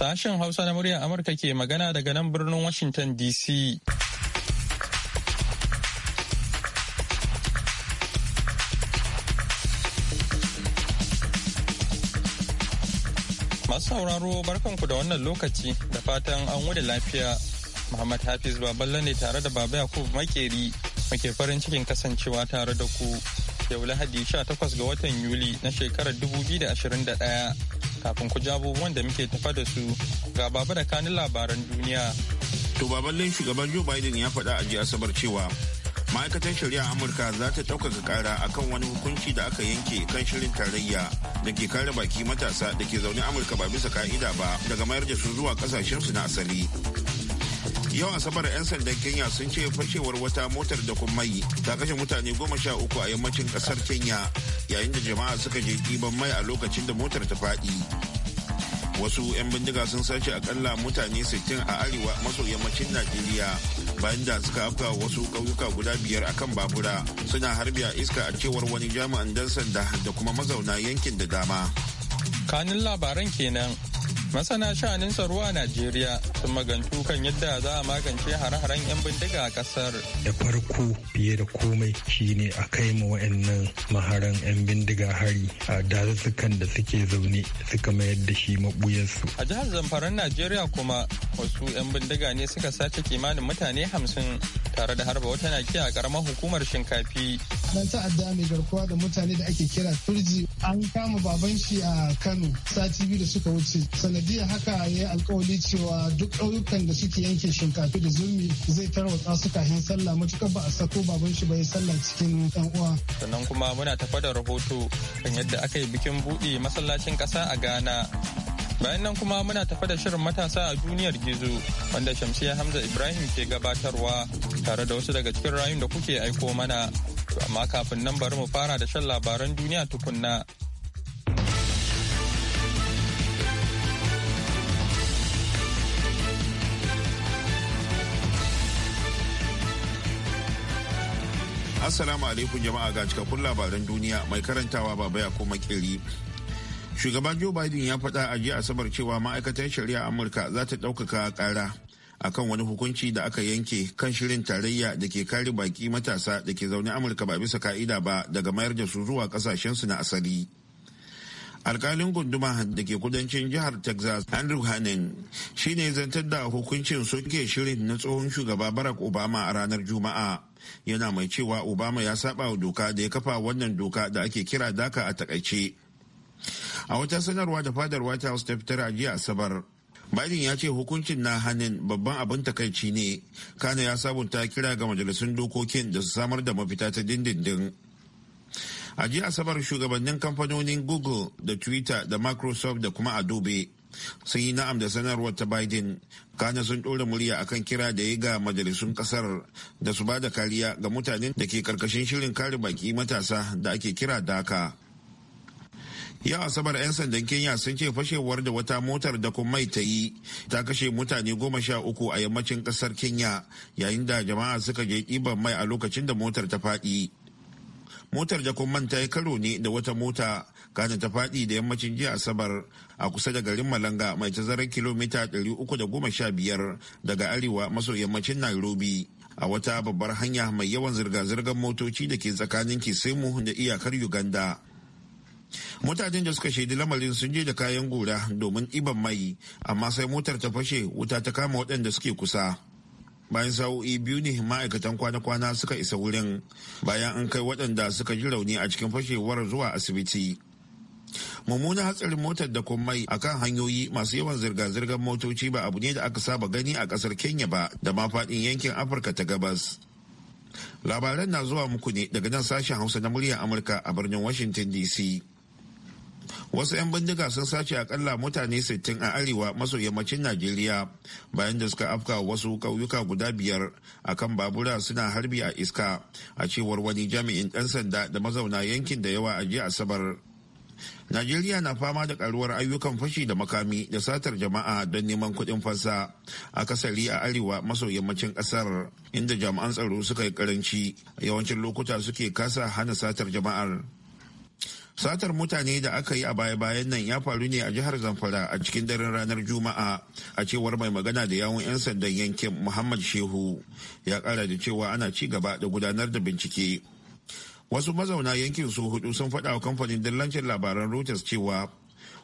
Sashen Hausa na muryar Amurka ke magana daga nan birnin Washington DC. Masu sauraro barkanku da wannan lokaci da fatan an wuda lafiya. Muhammad Hafiz Baballe ne tare da Baba Yakub Makeri muke farin cikin kasancewa tare da ku. Yau Lahadi 18 ga watan Yuli na shekarar 2021. kafin ku ji abubuwan da muke tafa da su ga baba da kanin labaran duniya. To baban shugaban Joe Biden ya faɗa a jiya Asabar cewa ma'aikatan shari'a Amurka za ta ɗaukaka ƙara akan wani hukunci da aka yanke kan shirin tarayya da ke kare baki matasa da ke zaune Amurka ba bisa ka'ida ba daga mayar da su zuwa ƙasashensu na asali. yau asabar 'yan sandan kenya sun ce fashewar wata motar da mai ta kashe mutane goma sha uku a yammacin kasar kenya yayin da jama'a suka je ɗiban mai a lokacin da motar ta faɗi wasu 'yan bindiga sun sace akalla mutane sittin a arewa maso yammacin najeriya bayan da suka afka wasu ƙauyuka guda biyar akan babura suna harbiya iska a cewar wani jami'an dan sanda da kuma mazauna yankin da dama kanin labaran kenan Masana sha'anin tsaro a Najeriya sun magantu kan yadda za a magance hare-haren 'yan bindiga a kasar. Da farko fiye da komai shine a kai ma wa'annan maharan 'yan bindiga hari a dazuzzukan da suke zaune suka mayar da shi maɓuyarsu. A jihar Zamfaran Najeriya kuma wasu 'yan bindiga ne suka sace kimanin mutane hamsin tare da harba wata naki a karamar hukumar shinkafi. Dan ta'adda mai garkuwa da mutane da ake kira turji an kama baban shi a Kano sati biyu da suka wuce sanar sanadiyar haka ya yi alkawali cewa duk ƙauyukan da suke yanke shinkafi da zurmi zai tarwatsa su kafin sallah matuƙar ba a sako baban shi ba ya sallah cikin ɗan uwa. Sannan kuma muna tafa da rahoto kan yadda aka yi bikin buɗe masallacin ƙasa a Ghana. Bayan nan kuma muna tafa da shirin matasa a duniyar gizo wanda Shamsiya Hamza Ibrahim ke gabatarwa tare da wasu daga cikin rayun da kuke aiko mana. Amma kafin nan bari mu fara da shan labaran duniya tukunna. Assalamu alaikum jama'a ga cikakkun labaran duniya mai karantawa baba ya kuma kiri. Shugaban Joe Biden ya faɗa a jiya Asabar cewa ma'aikatar shari'a Amurka za ta ɗaukaka ƙara akan wani hukunci da aka yanke kan shirin tarayya da ke kare baki matasa da ke zaune Amurka ba bisa ka'ida ba daga mayar da su zuwa ƙasashensu na asali. alkalin gunduma da ke kudancin jihar texas andrew hannon shine zantar da hukuncin soke shirin na tsohon shugaba barack obama a ranar juma'a yana mai cewa obama ya saba wa doka da ya kafa wannan doka da ake kira daka a takaice a wata sanarwa da fadar white house ta fitar a jiya asabar Biden ya ce hukuncin na hannun babban abin takaici ne, kana ya sabunta kira ga majalisun dokokin da su samar da mafita ta dindindin. A jiya Asabar shugabannin kamfanonin Google da Twitter da Microsoft da kuma Adobe sun yi na'am da sanarwar ta biden kana sun ɗora murya akan kira da ya ga majalisun ƙasar da su ba da kariya ga mutanen da ke karkashin shirin kare baki matasa da ake kira daka yau asabar 'yan sandan kenya sun ce fashewar da wata motar da kuma mai ta yi ta kashe mutane goma sha uku a yammacin kasar kenya yayin da jama'a suka je ɗiban mai a lokacin da motar ta faɗi motar da kuma manta yi karo ne da wata mota kana ta faɗi da yammacin jiya asabar a kusa da garin malanga mai tazarar kilomita 315 daga arewa maso yammacin nairobi a wata babbar hanya mai yawan zirga-zirgar motoci da ke tsakanin kisimu da iyakar uganda mutanen da suka shaidi lamarin sun je da kayan gora domin iban mai amma sai motar ta fashe wuta ta kama waɗanda suke kusa bayan sa'o'i biyu ne ma'aikatan kwana-kwana suka isa wurin bayan an kai waɗanda suka ji rauni a cikin fashewar zuwa asibiti mummunan hatsarin motar da kummai kan hanyoyi masu yawan zirga-zirgar motoci ba abu ne da aka saba gani a kasar kenya ba da ma faɗin yankin afirka ta gabas labaran na zuwa muku ne daga nan sashen hausa na muryar amurka a birnin washington dc wasu 'yan bindiga sun sace akalla mutane 60 a arewa maso yammacin najeriya bayan da suka afka wasu ƙauyuka guda biyar a kan babura suna harbi a iska a cewar wani jami'in ɗan sanda da mazauna yankin da yawa a jiya asabar najeriya na fama da karuwar ayyukan fashi da makami da satar jama'a don neman kuɗin a kasari a arewa maso yammacin ƙasar inda jami'an tsaro suka yi karanci yawancin lokuta suke kasa hana satar jama'ar satar mutane da aka yi a baya-bayan nan ya faru ne a jihar zamfara a cikin daren ranar juma'a a cewar mai magana da yawun 'yan sandan yankin muhammad shehu ya kara da cewa ana ci gaba da gudanar da bincike wasu mazauna yankin su hudu sun faɗa wa kamfanin dillancin labaran reuters cewa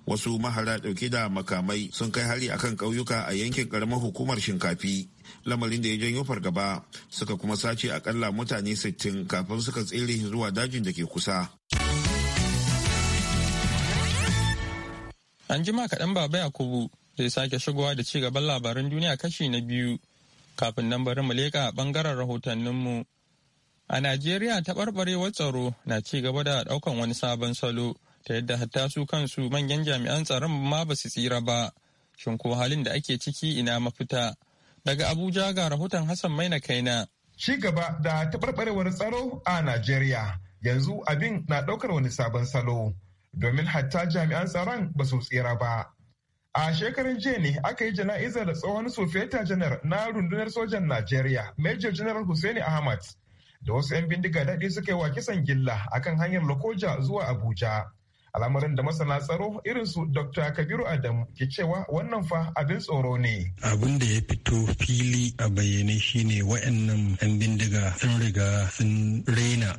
wasu mahara ɗauke da makamai sun kai hari akan ƙauyuka a yankin ƙaramar hukumar shinkafi lamarin da ya janyo fargaba suka kuma sace akalla mutane 60 kafin suka tsere zuwa dajin da ke kusa an jima kaɗan baba yakubu zai sake shigowa da ci gaban labaran duniya kashi na biyu kafin nan bari mu leƙa ɓangaren rahotanninmu A Najeriya taɓarɓarewar tsaro na ci gaba da ɗaukan wani sabon salo ta yadda hatta su kansu manyan jami'an tsaron ma ba su tsira ba. Shin ko halin da ake ciki ina mafita? Daga Abuja ga rahoton Hassan Maina Kaina. Ci gaba da taɓarɓarewar tsaro a Najeriya yanzu abin na ɗaukar wani sabon salo domin hatta jami'an tsaron ba su tsira ba. A shekarun jiya ne aka yi jana'izar tsohon sufeta janar na rundunar sojan Najeriya, Major General Hussaini Ahmad, da wasu 'yan bindiga daɗi suka yi wa kisan gilla kan hanyar lokoja zuwa abuja al'amarin da masana tsaro irin su dr kabiru adamu ke cewa wannan fa abin tsoro ne abin da ya fito fili a bayyane shine wa'annan 'yan bindiga sun riga sun raina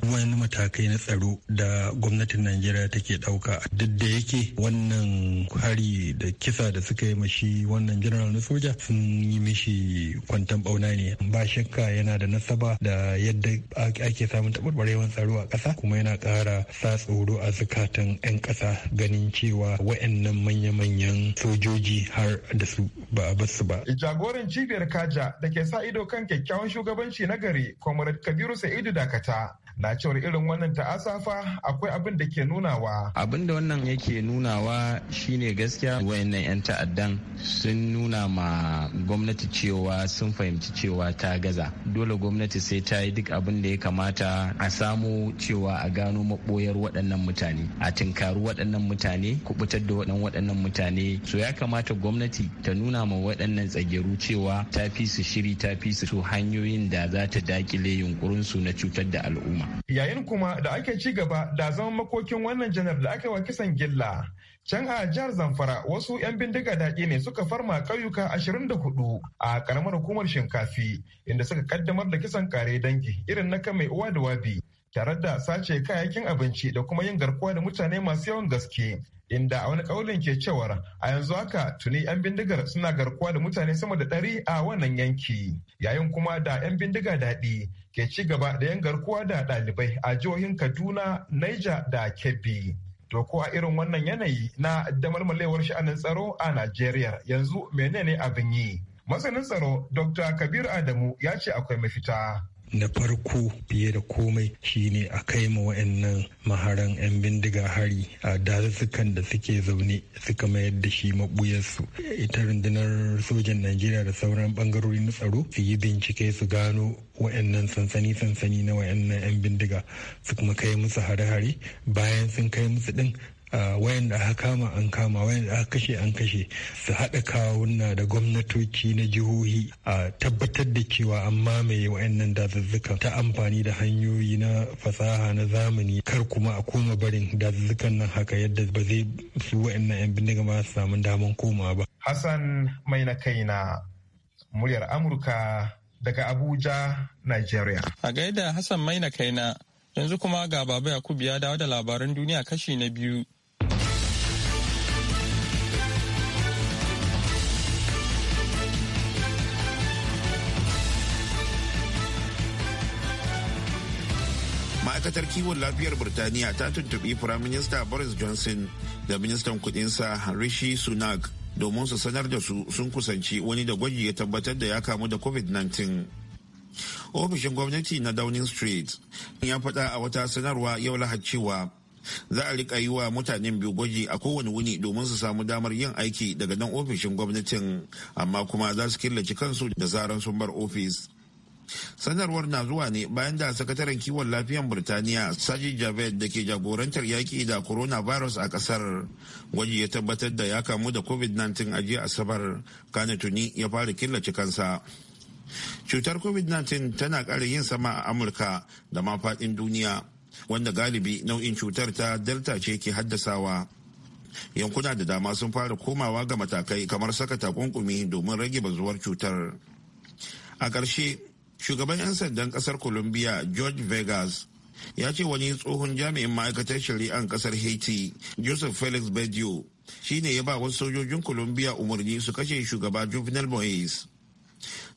matakai na tsaro da gwamnatin najeriya take ɗauka duk da yake wannan hari da kisa da suka yi mashi wannan general na soja sun yi mishi kwantan bauna ne ba shakka yana da nasaba da yadda ake samun taɓarɓarewar tsaro a ƙasa kuma yana ƙara sa tsoro a zukatan 'yan ƙasa ganin cewa wa'annan manya-manyan sojoji har da su ba a basu ba. Jagoran cibiyar Kaja da ke sa ido kan kyakkyawan shugabanci na gari, Comrade Kabiru Sa'idu Dakata, na cewar irin wannan ta'asa fa akwai abin da ke nunawa abin da wannan yake nunawa shine gaskiya wayannan 'yan ta'addan sun nuna ma gwamnati cewa sun fahimci cewa ta gaza dole gwamnati sai ta yi duk abin da ya kamata a samu cewa a gano maboyar waɗannan mutane a tinkaru waɗannan mutane kubutar da waɗannan waɗannan mutane so ya kamata gwamnati ta nuna ma waɗannan tsageru cewa ta fi su shiri ta fi su hanyoyin da za ta dakile yunkurin su na cutar da al'umma Yayin kuma da ake ci gaba da zaman makokin wannan janar da aka wa kisan gilla. Can a jihar Zamfara wasu 'yan bindiga daɗi ne suka farma ƙauyuka 24 a ƙaramar hukumar shinkafi inda suka kaddamar da kisan kare dangi irin na kan mai uwa da wabi tare da sace kayayyakin abinci da kuma yin garkuwa da mutane masu yawan gaske. Inda a wani ƙaunin ke cewar a yanzu haka tuni 'yan bindigar suna garkuwa da mutane sama da ɗari a wannan yanki. Yayin kuma da 'yan bindiga daɗi ke ci gaba da yan garkuwa da ɗalibai a jihohin Kaduna, Niger da Kebbi. To ko a irin wannan yanayi na damarmalewar sha'anin tsaro a Najeriya yanzu menene abin yi? Masanin tsaro Dr. Kabir Adamu ya ce akwai mafita. na farko fiye da komai shine a kai ma wa'annan maharan 'yan bindiga hari a dazuzzukan da suke zaune suka mayar da shi mabuyarsu ita rundunar sojan najeriya da sauran ɓangarori na tsaro su yi bincike su gano wa'annan sansani-sansani na wa'annan 'yan bindiga su kuma kai musu hare-hare bayan sun kai musu ɗin Wayan da aka kama an kama da aka kashe an kashe su haɗa kawunna da gwamnatoci na jihohi a tabbatar da cewa an mamaye wayannan dazuzzukan ta amfani da hanyoyi na fasaha na zamani kar kuma a koma barin dazuzzukan nan haka yadda ba zai su wayannan yan bindiga ma su samu daman koma ba. Hassan mai na kaina muryar Amurka daga Abuja, Nigeria. A gaida Hassan mai na kaina yanzu kuma ga Baba Yakubu ya dawo da labaran duniya kashi na biyu. ma'aikatar kiwon lafiyar Birtaniya ta tuntuɓi Firaminista Boris Johnson da ministan kudinsa Rishi Sunak domin su sanar da su sun kusanci wani da gwaji ya tabbatar da ya kamu da COVID-19. Ofishin gwamnati na Downing Street ya faɗa a wata sanarwa yau lahad cewa za a rika yi wa mutanen biyu gwaji a kowane wuni domin su samu damar yin aiki daga nan ofishin gwamnatin amma kuma za su killace kansu da zaran sun bar ofis. sanarwar na zuwa ne bayan da sakataren kiwon lafiyan birtaniya saji javed da ke jagorantar yaƙi da coronavirus a ƙasar gwaji ya tabbatar da ya kamu da covid-19 a jiya asabar kana tuni ya fara killace kansa cutar covid-19 tana ƙara yin sama a amurka da ma faɗin duniya wanda galibi nau'in cutar ta delta ce ke haddasawa yankuna da dama sun fara komawa ga matakai kamar saka takunkumi domin rage bazuwar cutar a ƙarshe shugaban 'yan sandan kasar colombia george vegas ya ce wani tsohon jami'in ma'aikatar shari'an kasar haiti joseph felix bedio shine ya ba wasu sojojin colombia umarni su kashe shugaba juvenal moyes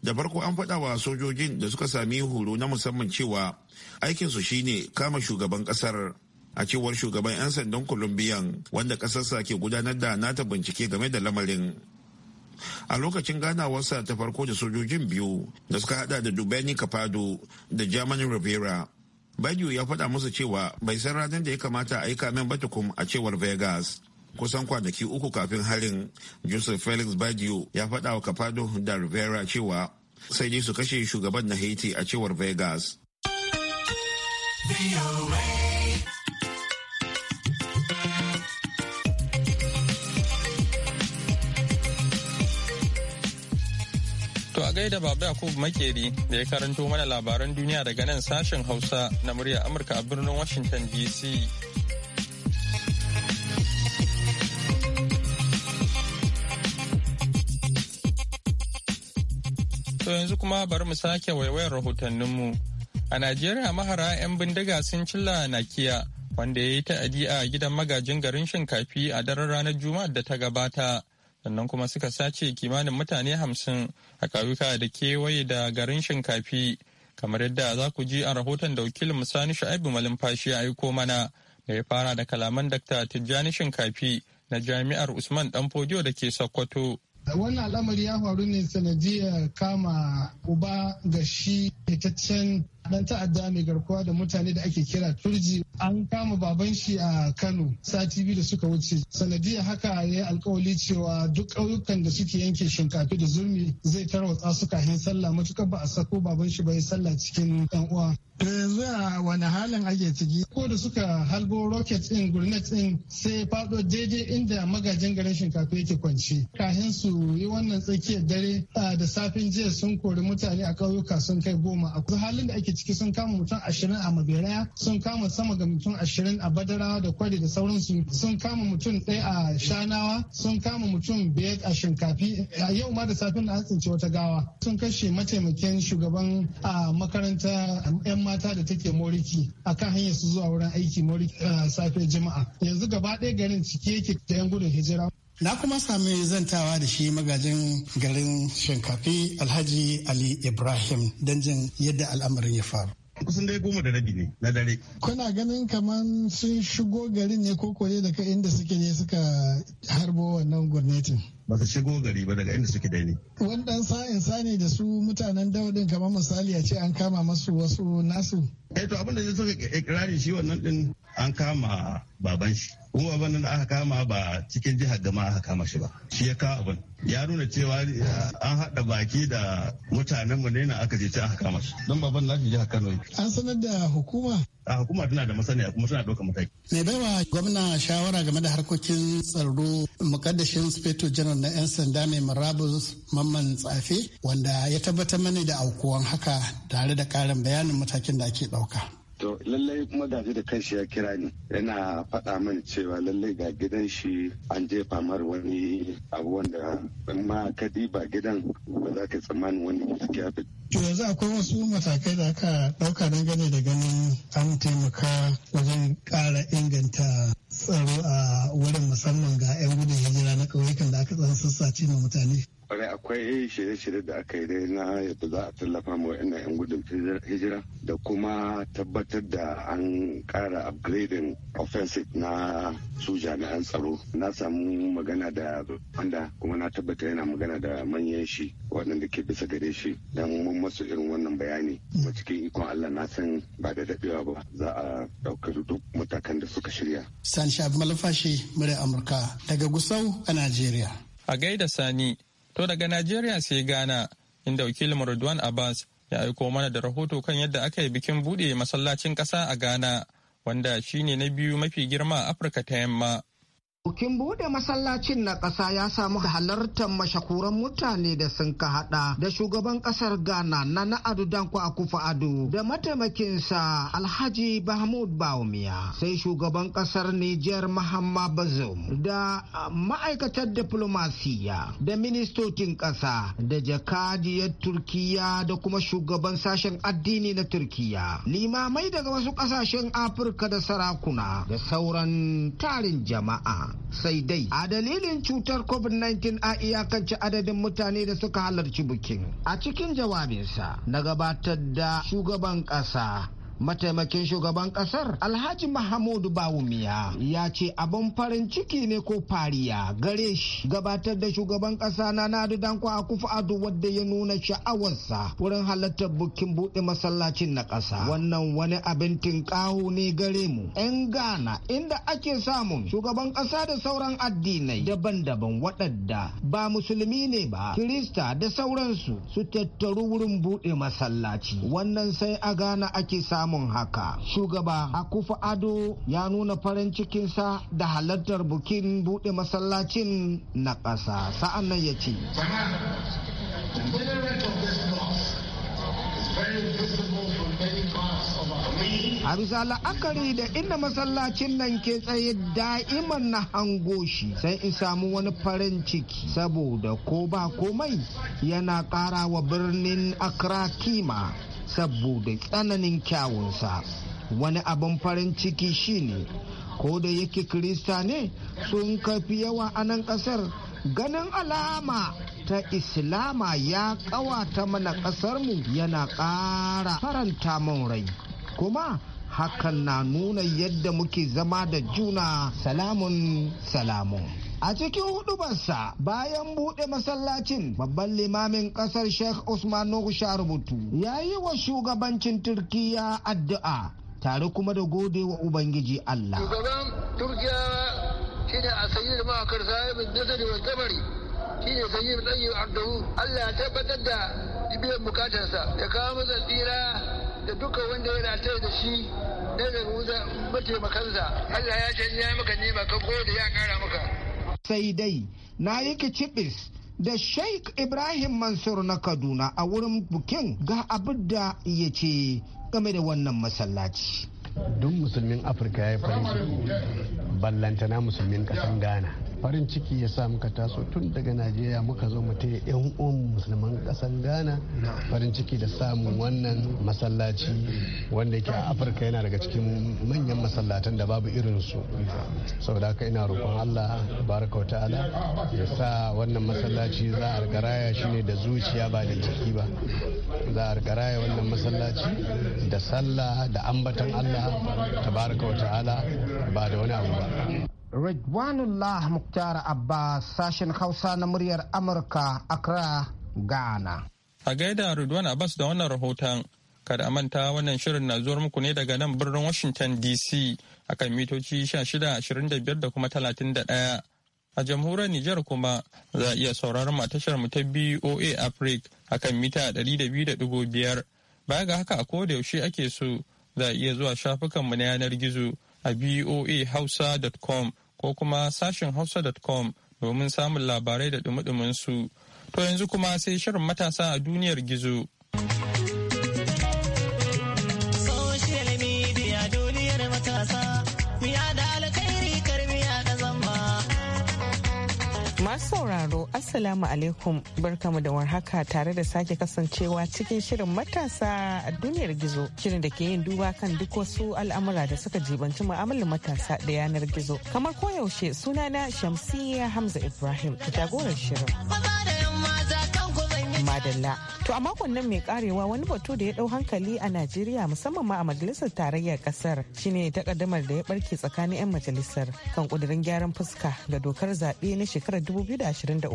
da farko an faɗa wa sojojin da suka sami horo na musamman cewa aikin aikinsu shine kama shugaban kasar a cewar shugaban 'yan sandan colombian wanda kasarsa ke gudanar da nata bincike game da lamarin a lokacin ganawarsa ta farko da sojojin biyu da suka hada da dubeni capado da germany rivera baidu ya faɗa musu cewa bai san ranar da ya kamata a yi kamen batukum a cewar vegas kusan kwanaki uku kafin halin joseph felix badio ya faɗa wa da rivera cewa sai dai su kashe shugaban na haiti a cewar vegas A gaida Baba Yakubu Makeri da ya karanto mana labaran duniya daga nan sashen Hausa na murya Amurka a birnin Washington DC. To yanzu kuma bari mu sake waiwayar rahotanninmu. A Najeriya mahara 'yan bindiga sun cilla nakiya wanda ya yi ta'adi a gidan magajin garin Shinkafi a daren ranar Juma'ar da ta gabata. sannan kuma suka sace kimanin mutane hamsin a ƙauyuka da kewaye da garin shinkafi kamar yadda za ku ji a rahoton da wakilin sani sha'ibu malumfashi ya aiko mana da ya fara da kalaman dakta tijjani shinkafi na jami'ar usman fodiyo da ke sokoto wannan al'amari ya faru ne sanadiyar kama uba ga shi fitaccen dan ta'adda mai garkuwa da mutane da ake kira turji an kama baban shi a kano sati biyu da suka wuce sanadiyar haka ya yi alkawali cewa duk ƙauyukan da suke yanke shinkafi da zurmi zai tarwatsa su kafin sallah matukar ba a sako baban shi ba ya sallah cikin yan uwa To yanzu a wani halin ake ciki? Ko da suka halbo rocket ɗin gurnet ɗin sai faɗo daidai inda magajin garin shinkafa yake kwanci. kafin su yi wannan tsakiyar dare da safin jiya sun kori mutane a ƙauyuka sun kai goma. A halin da ake ake ciki sun kama mutum ashirin a mabera sun kama sama ga mutum ashirin a badarawa da kwari da sauransu sun kama mutum ɗaya a shanawa sun kama mutum biyar a shinkafi a yau ma da safin da an tsinci wata gawa sun kashe mataimakin shugaban a makaranta yan mata da take moriki akan hanyar su zuwa wurin aiki moriki safiyar jima'a yanzu gaba ɗaya garin ciki yake da yan gudun hijira Na kuma sami zantawa da shi magajin garin Shinkafi Alhaji Ali Ibrahim don jin yadda al'amarin ya faru. kusan dai goma da rabi ne na dare. Kuna ganin kamar sun shigo garin ne ko dai daga inda suke ne suka harbo wannan gwamnatin? ba su shigo gari ba daga inda suke da ni. Wannan ɗan sa'in sani da su mutanen daudin kamar misali a ce an kama masu wasu nasu. Eh to abin da suka ikirarin shi wannan din an kama baban shi. Kuma baban nan aka kama ba cikin jihar gama aka kama shi ba. Shi ya kawo abin. Ya nuna cewa eh, an haɗa baki da mutanen mu ne na aka je ta aka kama shi. Don baban na jihar Kano. An sanar da hukuma. a hukuma tana da masaniya kuma tana ɗaukar mataki. Me baiwa gwamna shawara game da harkokin tsaro mukaddashin Speto General na 'yan sanda mai marabus mamman tsafe wanda ya tabbatar mani da aukuwan haka tare da karin bayanin matakin da ake ɗauka. To lallai kuma gaji da kanshi ya kira ni yana faɗa min cewa lallai ga gidan shi an jefa mar wani abu wanda ma ka ba gidan ba za ka tsammani wani gaskiya ba. To yanzu akwai wasu matakai da aka ɗauka gane da ganin an taimaka wajen ƙara inganta shirye da aka yi dai na yadda za a tallafa ma wa'annan 'yan gudun hijira da kuma tabbatar da an kara upgrading offensive na su jami'an tsaro na samu magana da wanda kuma na tabbata yana magana da manyan shi waɗanda ke bisa gare shi don mun masu irin wannan bayani kuma cikin ikon Allah na san ba da daɗewa ba za a ɗaukar duk matakan da suka shirya. Sani Shabi Malafashi, Murya Amurka, daga Gusau a Najeriya. A gaida Sani, To daga Najeriya sai Ghana, inda wakilin Ridwan Abbas ya aiko mana da rahoto kan yadda aka yi bikin buɗe masallacin ƙasa a Ghana, wanda shine na biyu mafi girma a Afirka ta yamma. Bukin bude masallacin na ƙasa ya samu halartar mashakuran mutane da sun ka hada da shugaban ƙasar Ghana Nana Ado Danko Akufo Ado da mataimakinsa Alhaji Bahmud Bawumia sai shugaban ƙasar Niger Mahama Bazoum da ah, ma'aikatar diplomasiya da ministocin ƙasa da jakadiyar Turkiya da kuma shugaban sashen addini na Turkiya limamai daga wasu ƙasashen Afirka da sarakuna da sauran tarin jama'a. sai dai a dalilin cutar covid-19 a iyakance adadin mutane da suka halarci bikin a cikin jawabinsa na gabatar da shugaban ƙasa mataimakin shugaban kasar alhaji mahamudu bawumiya ya ce abin farin ciki ne ko fariya gare shi gabatar da shugaban kasa na nadu danko kufa ado wadda ya nuna sha'awarsa wurin halartar bukin buɗe masallacin na ƙasa wannan wani abin tinkaho ne gare mu 'yan ghana inda ake samun shugaban kasa da sauran addinai daban-daban waɗanda ba musulmi ne ba kirista da sauransu su tattaru wurin buɗe masallaci wannan sai a ghana ake samun samun haka shugaba akufa ado ya nuna farin cikinsa da halartar bukin buɗe masallacin na ƙasa sa'an nan ya ce A bisa la'akari da inda masallacin nan ke tsaye da'iman na hango shi sai in samu wani farin ciki saboda ko ba komai yana ƙara wa birnin akra kima saboda tsananin kyawunsa wani abin farin ciki shine ko da yake kirista ne sun kafi yawa a nan kasar ganin alama ta islama ya kawata mana kasarmu yana ƙara faranta mun rai kuma hakan na nuna yadda muke zama da juna salamun salamun A cikin hudubarsa bayan bude masallacin babban limamin kasar Sheikh Usman sha rubutu ya yi wa shugabancin Turkiya addu'a tare kuma da gode wa Ubangiji Allah. Shugaban Turkiya shi a da sahibin nasari wa tabari shi ne da ɗanyi Allah ya tabbatar da biyan bukatarsa ya kawo masa tsira da duka wanda yana tare da shi na da mataimakansa Allah ya canja maka ne ka gode ya kara maka sai dai na yi kicibis da sheikh ibrahim mansur na kaduna a wurin bukin ga abin da ya ce game da wannan masallaci duk musulmin afirka ya yi farin ciki ballantana musulmin kasan ghana farin ciki ya sa muka taso tun daga najeriya muka zo mu taya yan uwan musulman kasan ghana farin ciki da samun wannan masallaci wanda ke a afirka yana daga cikin manyan masallatan da babu irin su saboda haka ina roƙon Allah baraka wa ta'ala ya sa wannan masallaci za a garaya shi ne da zuciya ba da jiki ba za a garaya wannan masallaci da sallah da ambatan Allah tabaraka wa ta'ala ba da wani abu ba Ridwanullah Muktar Abbas sashen Hausa na muryar Amurka Accra Ghana A gaida Ridwan Abbas da wannan rahoton Kada manta wannan shirin na zuwar muku ne daga nan birnin Washington DC akan mitoci 1625 da kuma 31. A jamhuriyar niger kuma za a iya sauraron matashar mu ta BOA Africa akan mita 200.5. Baya ga haka a koda yaushe ake so za a iya zuwa shafukanmu na yanar gizo a boahausa.com ko kuma sashin hausa.com domin samun labarai da dumi su. To yanzu kuma sai shirin matasa a duniyar gizo. Masu sauraro, Assalamu alaikum barkamu da warhaka tare da sake kasancewa cikin shirin matasa a duniyar gizo. Shirin da ke yin duba kan duk wasu al'amura da suka jibanci mu'amalar matasa da yanar gizo. Kamar koyaushe sunana Shamsiyya Hamza Ibrahim, jagorar shirin. Murtala. To a makon nan mai karewa wani batu da ya dau hankali a Najeriya musamman ma a majalisar tarayyar kasar shine takaddamar da ya barke tsakanin 'yan majalisar kan kudirin gyaran fuska da dokar zaɓe na shekarar 2023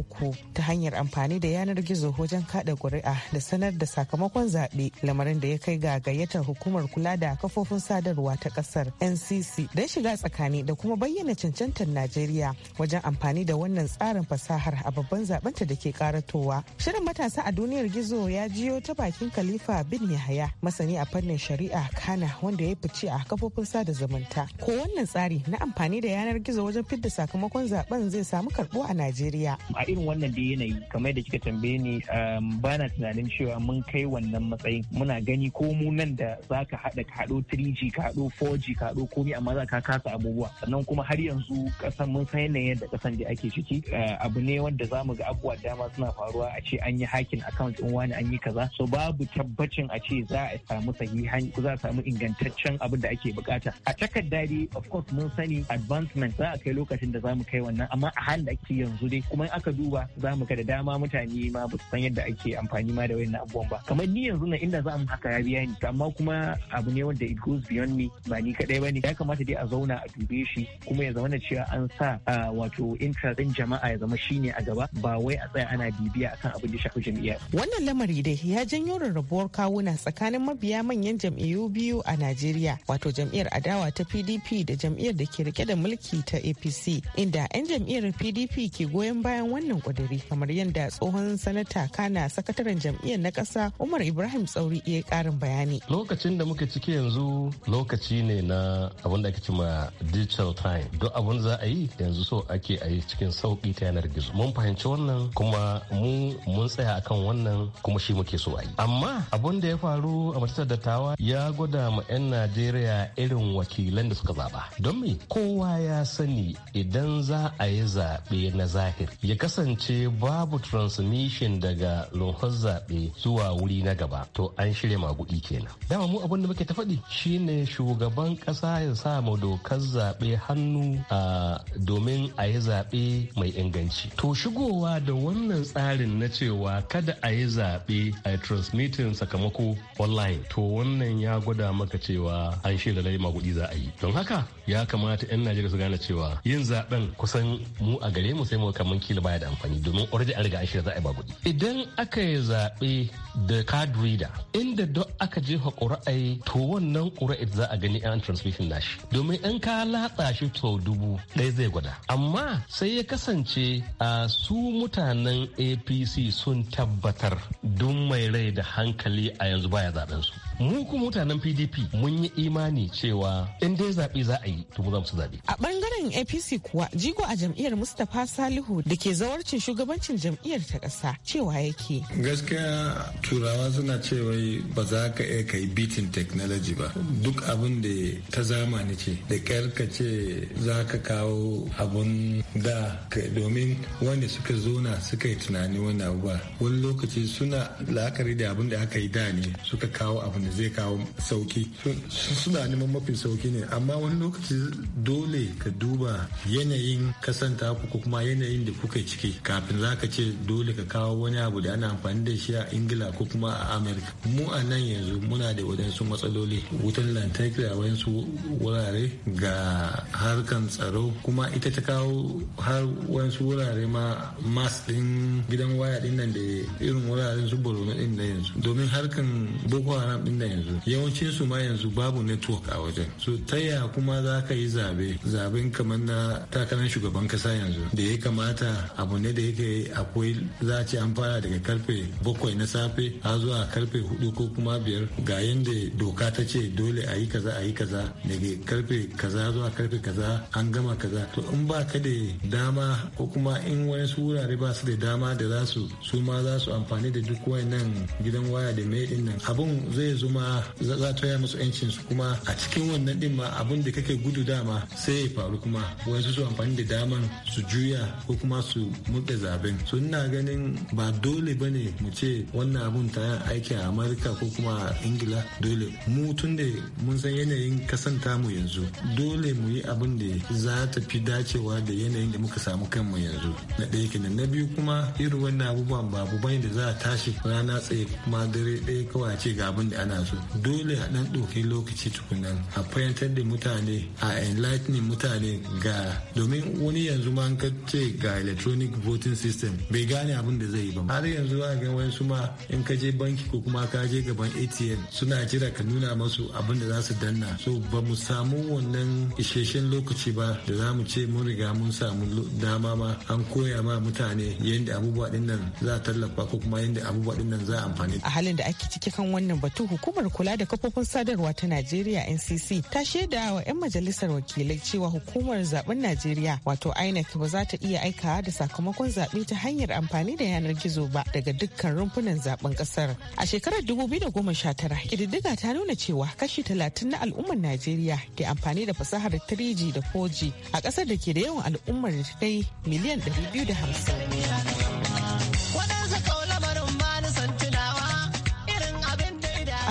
ta hanyar amfani da yanar gizo wajen kada ƙuri'a da sanar da sakamakon zaɓe lamarin da ya kai ga gayyatar hukumar kula da kafofin sadarwa ta kasar NCC don shiga tsakani da kuma bayyana cancantar Najeriya wajen amfani da wannan tsarin fasahar a babban zaɓenta da ke karatowa. Shirin matasa a duniya yanar gizo ya jiyo ta bakin khalifa bin yahaya masani a fannin shari'a kana wanda ya fice a kafofin sada zumunta ko wannan tsari na amfani da yanar gizo wajen fidda sakamakon zaben zai samu karbo a najeriya a irin wannan da yanayi kamar da kika tambaye ni um, ba na tunanin cewa mun kai wannan matsayin muna gani ko mu nan da za ka haɗa ka haɗo 3G ka haɗo 4G ka haɗo komai amma za ka kasa abubuwa sannan kuma har yanzu kasan mun san yanayin yadda kasan da ake ciki uh, abu ne wanda za mu ga abubuwa dama suna faruwa a ce an yi hakin a account in wani an yi kaza so babu tabbacin a ce za a samu sahihan za a samu ingantaccen abin da ake bukata a takarda dai of course mun sani advancement za a kai lokacin da za mu kai wannan amma a halin da ake yanzu dai kuma in aka duba za mu ga da dama mutane ma ba su san yadda ake amfani ma da wayannan abubuwan ba kamar ni yanzu na inda za mu haka ya biya ni amma kuma abu ne wanda it goes beyond me ba ni kadai bane ya kamata dai a zauna a dube shi kuma ya zama cewa an sa wato interest din jama'a ya zama shine a gaba ba wai a tsaya ana bibiya akan abin da shafi jami'a Wannan lamari dai ya janyo rarrabuwar kawuna tsakanin mabiya manyan jam'iyyu biyu a Najeriya, wato jam'iyyar adawa ta PDP da jam'iyyar da ke rike da mulki ta APC, inda 'yan jam'iyyar PDP ke goyon bayan wannan kuduri kamar yadda tsohon sanata Kana sakataren jam'iyyar na ƙasa Umar Ibrahim Tsauri iya karin bayani. Lokacin da muke ciki yanzu lokaci ne na abin da ake cima digital time. Duk abin za a yi yanzu so ake a yi cikin sauƙi ta yanar gizo. Mun fahimci wannan kuma mu mun tsaya akan wannan wannan kuma shi muke so a yi amma abun da ya faru a majalisar dattawa ya gwada ma 'yan najeriya irin wakilan da suka zaba don me kowa ya sani idan za a yi zaɓe na zahir ya kasance babu transmission daga lunhar zaɓe zuwa wuri na gaba to an shirya maguɗi kenan dama mu abin da muke ta faɗi shine shugaban ƙasa ya sa ma dokar zaɓe hannu a domin a yi zaɓe mai inganci to shigowa da wannan tsarin na cewa kada a yi zaɓe a yi transmitting sakamako online to wannan ya gwada maka cewa an shirya lai maguɗi za a yi don haka ya kamata 'yan najeriya su gane cewa yin zaɓen kusan mu a gare mu sai mu kamar kila baya da amfani domin already an riga an shirya za a yi idan aka yi zaɓe da card reader inda duk aka jefa ƙura'ai to wannan ƙura'ai za a gani an transmission nashi domin in ka latsa shi to dubu ɗaya zai gwada amma sai ya kasance a su mutanen apc sun tabbata tabbatar duk mai rai da hankali a yanzu baya zaben su mu kuma mutanen pdp mun yi imani cewa in dai zaɓe za a yi to mu za mu zaɓe a ɓangaren apc kuwa jigo a jam'iyyar mustapha salihu da ke zawarcin shugabancin jam'iyyar ta ƙasa cewa yake gaskiya turawa suna cewa ba za ka iya kai bitin technology ba duk abin da ta zamani ce da ƙyarka ka ce za ka kawo abun da domin wanda suka zona suka yi tunani wani abu ba wani lokaci suna la'akari da abin da aka yi da ne suka kawo abin wanda zai kawo sauki suna neman mafi sauki ne amma wani lokaci dole ka duba yanayin kasanta ku ko kuma yanayin da kuka ciki kafin za ka ce dole ka kawo wani abu da ana amfani da shi a ingila ko kuma a amerika mu a nan yanzu muna da wadansu matsaloli wutan lantarki a wayansu wurare ga harkan tsaro kuma ita ta kawo har wayansu wurare ma mas din gidan waya din nan da irin wuraren su borno din yanzu domin harkan boko haram din nan yanzu yawancin su ma yanzu babu network a wajen so ta ya kuma za ka yi zabe zaben kamar na takarar shugaban kasa yanzu da ya kamata abu ne da yake akwai za ce an fara daga karfe bakwai na safe a zuwa karfe hudu ko kuma biyar ga yadda doka ta ce dole a yi kaza a yi kaza daga karfe kaza zuwa karfe kaza an gama kaza to in ba ka da dama ko kuma in wani su wurare ba su da dama da za su su ma za su amfani da duk wayannan gidan waya da mai dinnan nan abun zai zo yanzu ma za ta ya musu yancin su kuma a cikin wannan din ma abin da kake gudu dama sai ya faru kuma wasu su amfani da daman su juya ko kuma su muke zaben so ina ganin ba dole ba ne mu ce wannan abun ta aiki a amurka ko kuma a ingila dole mu tun da mun san yanayin kasanta mu yanzu dole mu yi abin da za ta fi dacewa da yanayin da muka samu kanmu yanzu na ɗaya kenan na biyu kuma irin wannan abubuwan babu bane da za a tashi rana tsaye kuma dare ɗaya kawai a ce ga abin da ana gyara su dole a dan ɗauki lokaci tukunan a fahimtar da mutane a enlightening mutane ga domin wani yanzu ma ka ce ga electronic voting system bai gane abin da zai yi ba har yanzu a ga wani ma in ka je banki ko kuma ka je gaban atm suna jira ka nuna masu abin da za su danna so ba mu samu wannan isheshen lokaci ba da za mu ce mun riga mun samu dama ma an koya ma mutane yadda abubuwa din za a tallafa ko kuma yadda abubuwa din za a amfani a halin da ake ciki kan wannan batu hukumar kula da kafofin sadarwa ta Najeriya NCC ta shaida wa 'yan majalisar wakilai cewa hukumar zaben Najeriya wato INEC ba za ta iya aikawa da sakamakon zabe ta hanyar amfani da yanar gizo ba daga dukkan rumfunan zaben kasar. A shekarar 2019 kididdiga ta nuna cewa kashi 30 na al'ummar Najeriya ke amfani da fasahar 3G da 4G a kasar da ke da yawan al'ummar da ta kai miliyan 250.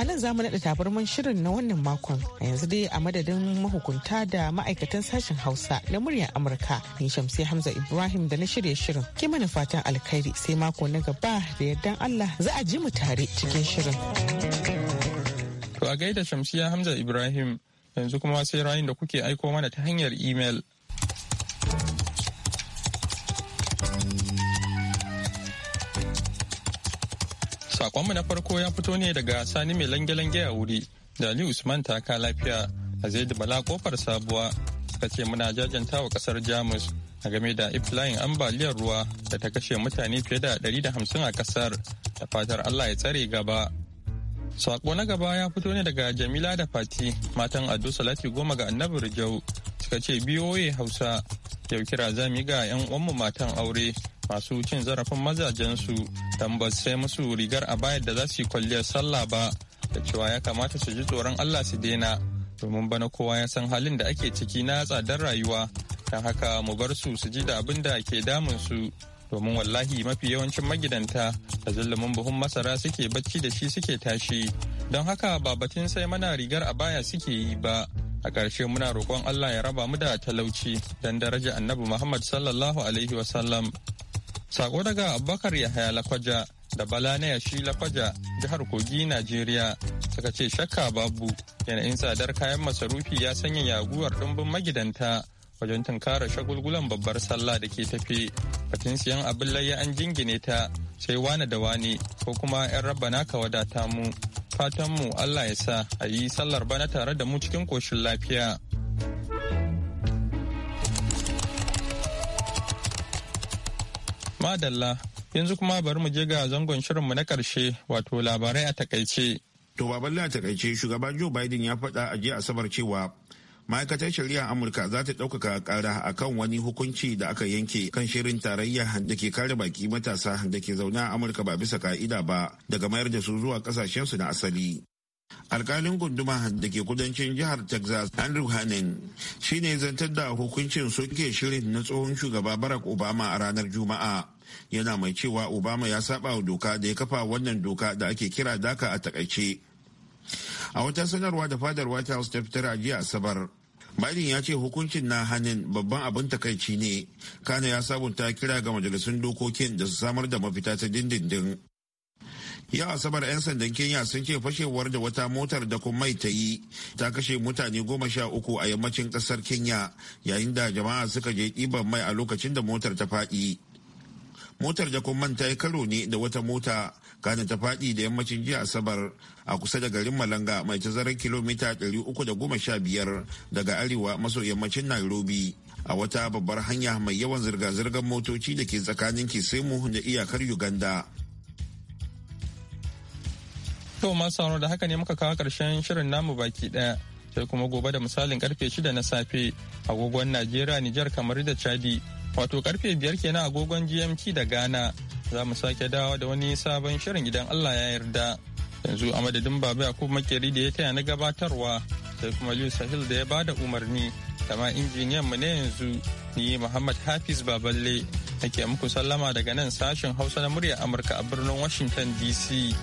nan za mu naɗa tabarman shirin na wannan makon a yanzu dai a madadin mahukunta da ma'aikatan sashen hausa na muryar amurka ni shamsi hamza ibrahim da na shirya shirin ke mana fatan alkhairi sai mako na gaba da yardan allah za a ji mu tare cikin shirin. to a gaida shamsiya hamza ibrahim yanzu kuma sai rayun da kuke aiko mana ta hanyar imel. Sakonmu na farko ya fito ne daga Sani mai lange-lange a wuri da Ali Usman ka lafiya a da Bala kofar sabuwa suka ce muna jajanta wa kasar Jamus a game da iflayin ambaliyar ruwa da ta kashe mutane fiye da 150 a kasar da fatar Allah ya tsare gaba. Sako na gaba ya fito ne daga Jamila da Fati matan Ado Salati goma ga annabi Rijau suka ce biyoyi Hausa yau kira zami ga 'yan uwanmu matan aure masu cin zarafin mazajensu don ba sai musu rigar a bayar da za su yi kwalliyar sallah ba da cewa ya kamata su ji tsoron Allah su daina domin bana kowa ya san halin da ake ciki na tsadar rayuwa don haka mu bar su su ji da abin da ke damun su domin wallahi mafi yawancin magidanta da zulumin buhun masara suke bacci da shi suke tashi don haka ba batun sai mana rigar a baya suke yi ba a ƙarshe muna roƙon Allah ya raba mu da talauci don daraja annabi Muhammad sallallahu alaihi wasallam Sako daga Abubakar Yahaya Lakwaja da Bala na Yashi Lakwaja jihar Kogi Najeriya suka ce shakka babu yanayin tsadar kayan masarufi ya sanya yaguwar ɗumbin magidanta wajen tunkara shagulgulan babbar sallah da ke tafe batun siyan abin layya an jingine ta sai wane da wane ko kuma 'yan rabba naka wadata mu fatan mu Allah ya sa a yi sallar bana tare da mu cikin koshin lafiya. Madalla, yanzu kuma bari mu je ga zangon shirinmu na karshe wato labarai a takaice. To baballa a takaice shugaba Joe Biden ya faɗa a jiya Asabar cewa ma'aikatar shari'a Amurka za ta ɗaukaka ƙara akan wani hukunci da aka yanke kan shirin tarayya da ke kare baki matasa da ke zaune a Amurka ba bisa ka'ida ba daga mayar da su zuwa ƙasashensu na asali. alkalin gunduma da ke kudancin jihar texas andrew Hanning shi ne zantar da hukuncin soke shirin na tsohon shugaba barack obama a ranar juma'a yana mai cewa obama ya saba wa doka da ya kafa wannan doka da ake kira daka a takaice a wata sanarwa da fadar white house ta fitar a jiya asabar biden ya ce hukuncin na hannun babban abin takaici ne kana ya sabunta kira ga majalisun dokokin da su samar da mafita ta dindindin yau asabar 'yan sandan kenya sun ce fashewar da wata motar da mai ta yi ta kashe mutane goma sha uku a yammacin kasar kenya yayin da jama'a suka je ɗiban mai a lokacin da motar ta faɗi motar da kuma manta ya karo ne da wata mota kana ta faɗi da yammacin jiya asabar a kusa da garin malanga mai tazarar kilomita 315 daga arewa maso yammacin nairobi a wata babbar hanya mai yawan zirga-zirgar motoci da ke tsakanin kisemu da iyakar uganda masu da haka ne muka kawo karshen shirin namu baki daya sai kuma gobe da misalin karfe 6 na safe agogon najeriya nijar kamar da chadi wato karfe biyar kenan agogon gmt da ghana za mu sake dawa da wani sabon shirin idan allah ya yarda yanzu a madadin baba yakubu makeri da ya taya na gabatarwa sai kuma liu sahil da ya ba da umarni kama injiniyan mu ne yanzu ni muhammad hafiz baballe ake muku sallama daga nan sashen hausa na murya amurka a birnin washington dc